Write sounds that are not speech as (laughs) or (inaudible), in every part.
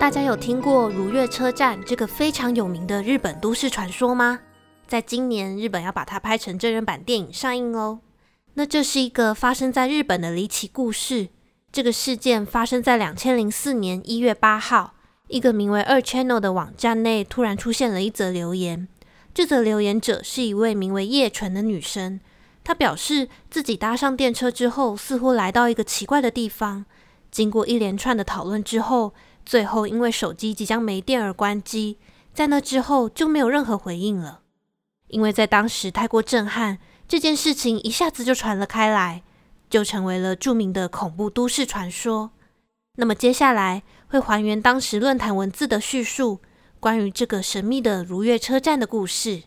大家有聽過《如月車站》這個非常有名的日本都市傳說嗎？在今年，日本要把它拍成真人版電影上映哦。那這是一個發生在日本的離奇故事。這個事件發生在兩千零四年一月八號，一個名為二 channel 的網站內突然出現了一則留言。這則留言者是一位名為葉純的女生，她表示自己搭上電車之後，似乎來到一個奇怪的地方。經過一連串的討論之後，最後，因為手機即將沒電而關機，在那之後就沒有任何回應了。因為在當時太過震撼，這件事情一下子就傳了開來，就成為了著名的恐怖都市傳說。那麼接下來會還原當時論壇文字的敘述，關於這個神秘的如月車站的故事。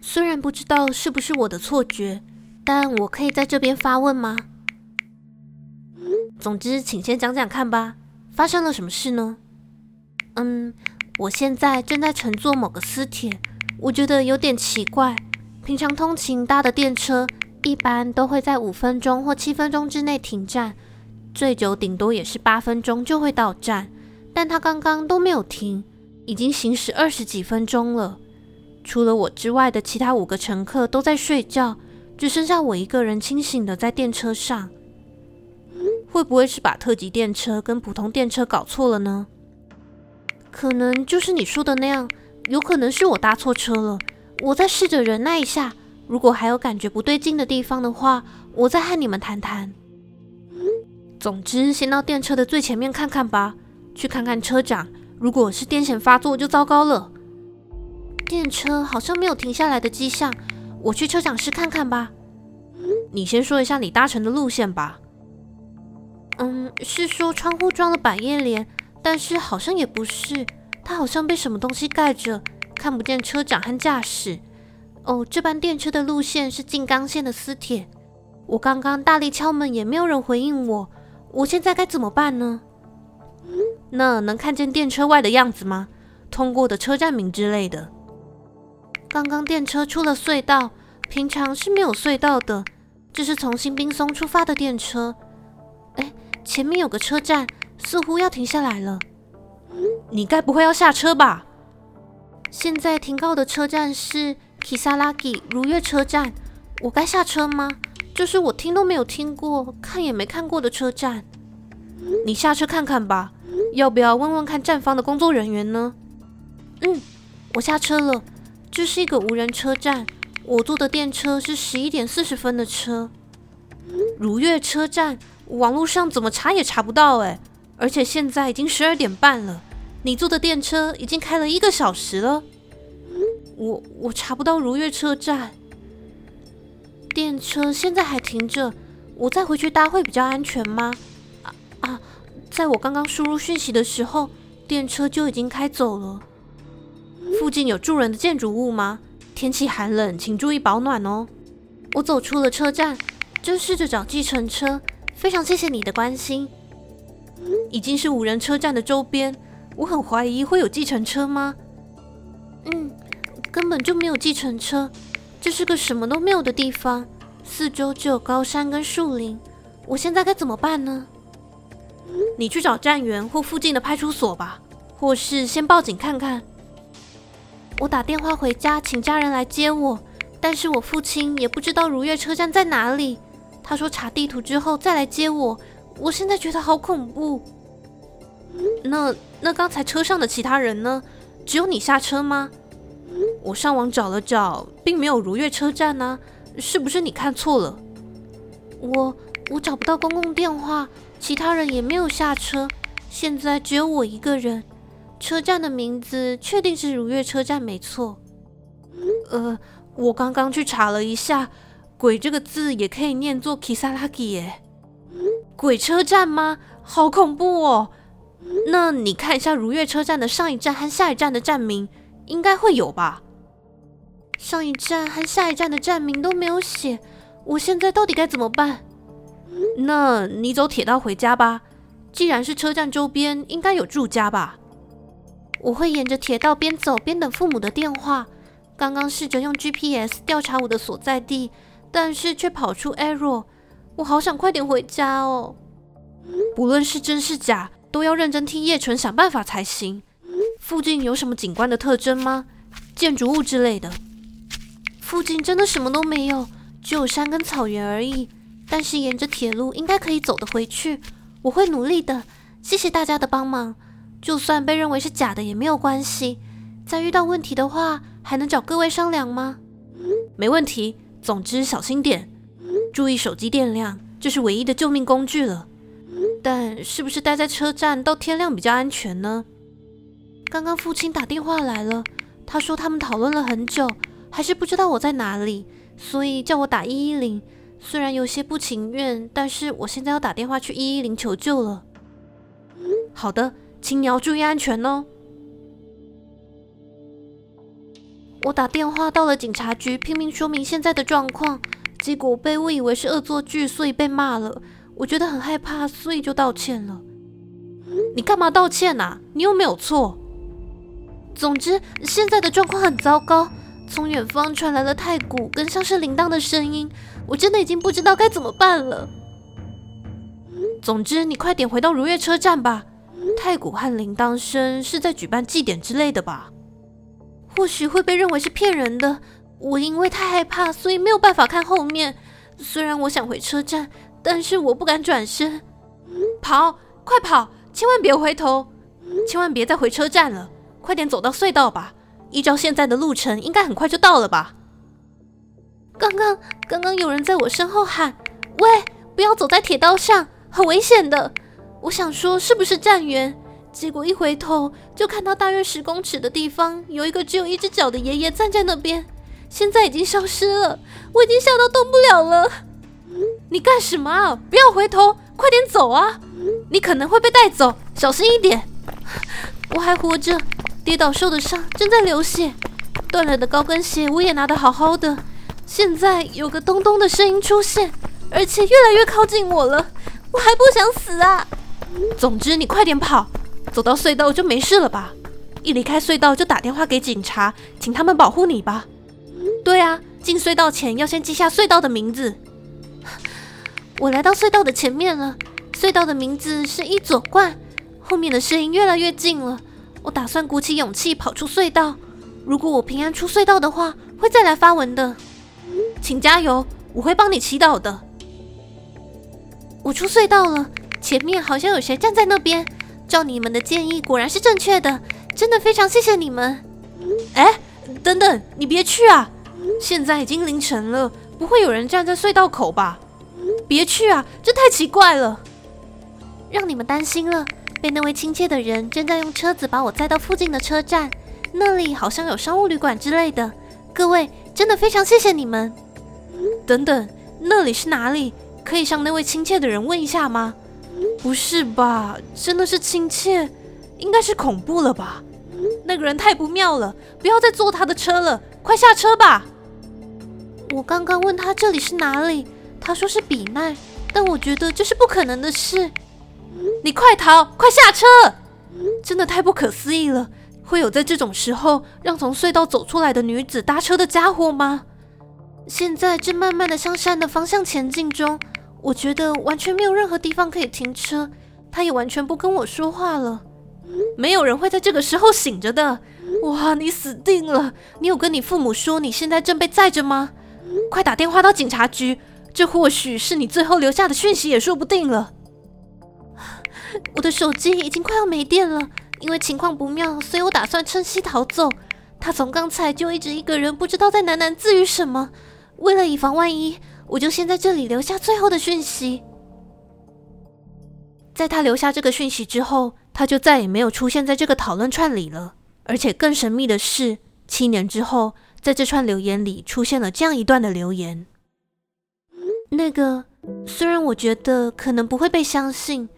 雖然不知道是不是我的錯覺，但我可以在這邊發問嗎？總之，請先講講看吧。發生了什麼事呢？嗯，我現在正在乘坐某個私鐵，我覺得有點奇怪。平常通勤搭的電車，一般都會在五分鐘或七分鐘之內停站，最久頂多也是八分鐘就會到站。但他剛剛都沒有停，已經行駛二十幾分鐘了。除了我之外的其他五個乘客都在睡覺，只剩下我一個人清醒的在電車上。會不會是把特急電車跟普通電車搞錯了呢？可能就是你說的那樣，有可能是我搭錯車了。我再試着忍耐一下，如果還有感覺不對勁的地方的話，我再和你們談談。嗯、總之，先到電車的最前面看看吧，去看看車長。如果是癲癇發作，就糟糕了。電車好像沒有停下來的跡象，我去車長室看看吧、嗯。你先說一下你搭乘的路線吧。嗯，是說窗戶裝了百葉簾，但是好像也不是，它好像被什麼東西蓋着，看不見車長和駕駛。哦，這班電車的路線是靜岡縣的私鐵。我剛剛大力敲門，也沒有人回應我。我現在該怎麼辦呢？嗯？那能看見電車外的樣子嗎？通過的車站名之類的。剛剛電車出了隧道，平常是沒有隧道的。這是從新濱松出發的電車。前面有個車站，似乎要停下來了。你該不會要下車吧？現在停靠的車站是 Kisaragi 如月車站，我該下車嗎？這，就是我聽都沒有聽過、看也沒看過的車站。你下車看看吧，要不要問問看站方的工作人員呢？嗯，我下車了。這，就是一個無人車站，我坐的電車是十一點四十分的車。如月車站。網絡上怎麼查也查不到欸，而且現在已經十二點半了，你坐的電車已經開了一個小時了。我我查不到如月車站，電車現在還停着，我再回去搭會比較安全嗎？啊啊，在我剛剛輸入訊息的時候，電車就已經開走了。附近有住人的建築物嗎？天氣寒冷，請注意保暖哦。我走出了車站，正試着找計程車。非常謝謝你的關心。已經是無人車站的周邊，我很懷疑會有計程車嗎？嗯，根本就沒有計程車，這是個什麼都沒有的地方，四周只有高山跟樹林。我現在該怎麼辦呢？你去找站員或附近的派出所吧，或是先報警看看。我打電話回家，請家人來接我，但是我父親也不知道如月車站在哪裡。他說查地圖之後再來接我，我現在覺得好恐怖。那那剛才車上的其他人呢？只有你下車嗎？我上網找了找，並沒有如月車站呢、啊。是不是你看錯了？我我找不到公共電話，其他人也沒有下車，現在只有我一個人。車站的名字確定是如月車站沒錯。呃，我剛剛去查了一下。鬼這個字也可以念做 Kisaragi 耶。鬼車站嗎？好恐怖哦！那你看一下如月車站的上一站和下一站的站名，應該會有吧？上一站和下一站的站名都沒有寫，我現在到底該怎麼辦？那你走鐵道回家吧，既然是車站周邊，應該有住家吧？我會沿着鐵道邊走邊等父母的電話。剛剛試着用 GPS 調查我的所在地，但是卻跑出 error，我好想快點回家哦。不論是真是假，都要認真聽葉純想辦法才行。附近有什麼景觀的特徵嗎？建築物之類的？附近真的什麼都沒有，只有山跟草原而已。但是沿着鐵路應該可以走得回去。我會努力的，謝謝大家的幫忙。就算被認為是假的也沒有關係。再遇到問題的話，還能找各位商量嗎？沒問題。總之，小心點，注意手機電量，這就是唯一的救命工具了。但是不是待在車站到天亮比較安全呢？剛剛父親打電話來了，他說他們討論了很久，還是不知道我在哪裡，所以叫我打一一零。雖然有些不情願，但是我現在要打電話去一一零求救了。好的，請你要注意安全哦。我打電話到了警察局，拼命說明現在的狀況，結果被誤以為是惡作劇，所以被罵了。我覺得很害怕，所以就道歉了。你幹嘛道歉啊？你又沒有錯。總之，現在的狀況很糟糕。從遠方傳來了太鼓跟像是鈴鐺的聲音，我真的已經不知道該怎麼辦了。總之，你快點回到如月車站吧。太鼓和鈴鐺聲是在舉辦祭典之類的吧？或許會被認為是騙人的。我因為太害怕，所以沒有辦法看後面。雖然我想回車站，但是我不敢轉身。跑，快跑！千萬別回頭，千萬別再回車站了。快點走到隧道吧。依照現在的路程，應該很快就到了吧。剛剛，剛剛有人在我身後喊：“喂，不要走在鐵道上，很危險的。”我想說，是不是站員？結果一回頭，就看到大約十公尺的地方有一個只有一只腳的爺爺站在那邊，現在已經消失了。我已經嚇到動不了了、嗯。你幹什麼啊？不要回頭，快點走啊！你可能會被帶走，小心一點。 (laughs) 我還活着，跌倒受的傷正在流血，斷了的高跟鞋我也拿得好好的。現在有個咚咚的聲音出現，而且越來越靠近我了。我還不想死啊！總之，你快點跑。走到隧道就沒事了吧？一離開隧道就打電話給警察，請他們保護你吧。對啊，進隧道前要先記下隧道的名字。我來到隧道的前面了，隧道的名字是伊佐貫。後面的聲音越來越近了，我打算鼓起勇氣跑出隧道。如果我平安出隧道的話，會再來發文的。請加油，我會幫你祈禱的。我出隧道了，前面好像有誰站在那邊。照你們的建議，果然是正確的，真的非常謝謝你們。哎，等等，你別去啊！現在已經凌晨了，不會有人站在隧道口吧？別去啊，這太奇怪了，讓你們擔心了。被那位親切的人正在用車子把我載到附近的車站，那裡好像有商務旅館之類的。各位，真的非常謝謝你們。等等，那裡是哪裡？可以向那位親切的人問一下嗎？不是吧，真的是親切，應該是恐怖了吧？那個人太不妙了，不要再坐他的車了，快下車吧！我剛剛問他這裡是哪裡，他說是比奈，但我覺得這是不可能的事。你快逃，快下車！真的太不可思議了，會有在這種時候讓從隧道走出來的女子搭車的傢伙嗎？現在正慢慢的向山的方向前進中。我覺得完全沒有任何地方可以停車，他也完全不跟我說話了。沒有人會在這個時候醒着的。哇，你死定了！你有跟你父母說你現在正被載着嗎？快打電話到警察局，這或許是你最後留下的訊息也說不定了。 (laughs) 我的手機已經快要沒電了，因為情況不妙，所以我打算趁機逃走。他從剛才就一直一個人，不知道在喃喃自語什麼。為了以防萬一。我就先在這裡留下最後的訊息。在他留下這個訊息之後，他就再也沒有出現在這個討論串裡了。而且更神秘的是，七年之後，在這串留言裡出現了這樣一段的留言：“那個，雖然我覺得可能不會被相信，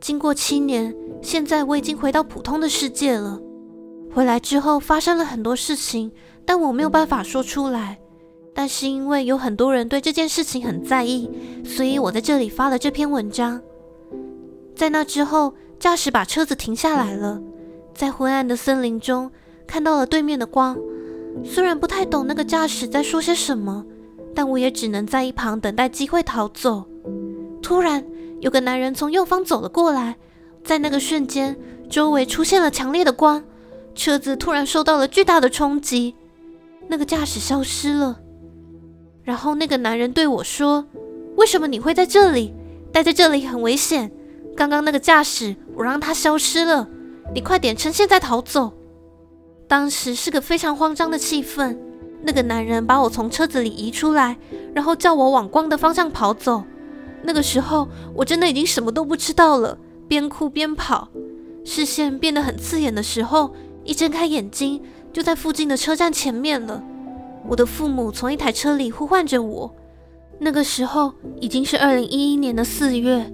經過七年，現在我已經回到普通的世界了。回來之後發生了很多事情，但我沒有辦法說出來。”但是因為有很多人對這件事情很在意，所以我在這裡發了這篇文章。在那之後，駕駛把車子停下來了，在昏暗的森林中看到了對面的光。雖然不太懂那個駕駛在說些什麼，但我也只能在一旁等待機會逃走。突然，有個男人從右方走了過來，在那個瞬間，周圍出現了強烈的光，車子突然受到了巨大的衝擊，那個駕駛消失了。然後那個男人對我說：“為什麼你會在這裡？待在這裡很危險。剛剛那個駕駛，我讓他消失了。你快點趁現在逃走！”當時是個非常慌張的氣氛。那個男人把我從車子裡移出來，然後叫我往光的方向跑走。那個時候我真的已經什麼都不知道了，邊哭邊跑。視線變得很刺眼的時候，一睜開眼睛就在附近的車站前面了。我的父母從一台車裡呼喚着我，那個時候已經是二零一一年的四月，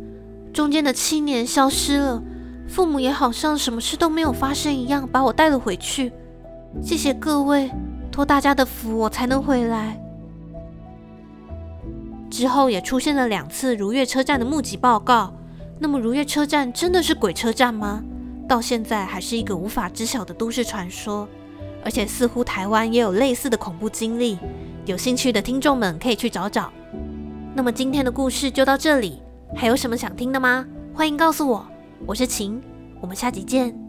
中間的七年消失了，父母也好像什麼事都沒有發生一樣把我帶了回去。謝謝各位，托大家的福，我才能回來。之後也出現了兩次如月車站的目擊報告，那麼如月車站真的是鬼車站嗎？到現在還是一個無法知曉的都市傳說。而且似乎台灣也有類似的恐怖經歷，有興趣的聽眾們可以去找找。那麼今天的故事就到這裡，還有什麼想聽的嗎？歡迎告訴我，我是晴，我們下集見。